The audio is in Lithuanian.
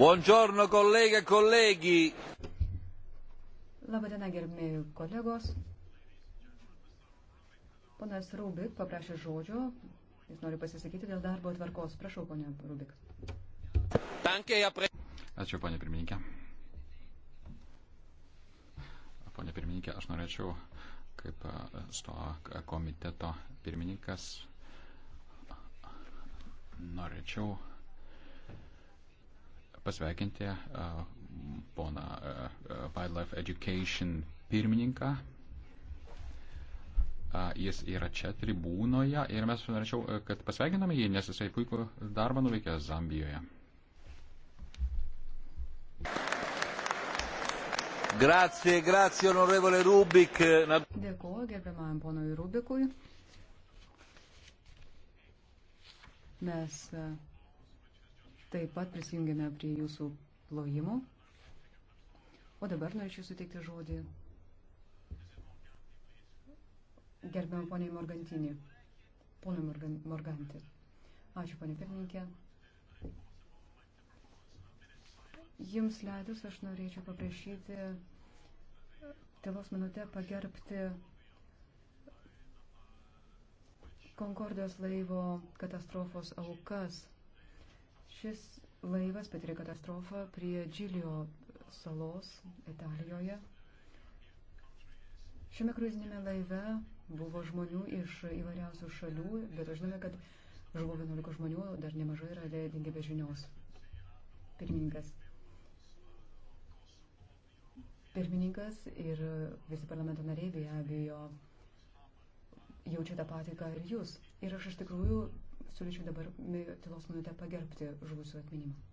Buongiorno, kolegė, kolegi. E Labadiena, gerbėjai kolegos. Ponas Rubik paprašė žodžio. Jis nori pasisakyti dėl darbo tvarkos. Prašau, ponė Rubik. Ačiū, ponė pirmininkė. Pone pirmininkė, aš norėčiau kaip sto komiteto pirmininkas norėčiau pasveikinti poną Wildlife Education pirmininką. Jis yra čia tribūnoje ir mes norėčiau, kad pasveikiname jį, nes jisai puikų darbą nuveikė Zambijoje. Grazie, grazie, onorevole Rubik. Dėkuoju gerbiamam ponui Rubikui. Mes uh, Taip pat prisijungėme prie jūsų plojimų. O dabar norėčiau suteikti žodį gerbiam poniai Morgantinį. Ponui Morgan, Morganti. Ačiū, ponė pirmininkė. Jums leidus aš norėčiau paprašyti tylos minutę pagerbti Konkordijos laivo katastrofos aukas. Šis laivas patyrė katastrofą prie Džilio salos Italijoje. Šiame kruizinėme laive buvo žmonių iš įvairiausių šalių, bet žinome, kad žuvo 11 žmonių, dar nemažai yra dingę be žinios. Pirmininkas. Pirmininkas ir visi parlamento nariai be abejo jaučia tą patį, ką ir jūs. Ir aš iš tikrųjų siūlyčiau dabar tylos minutę pagerbti žuvusių atminimą.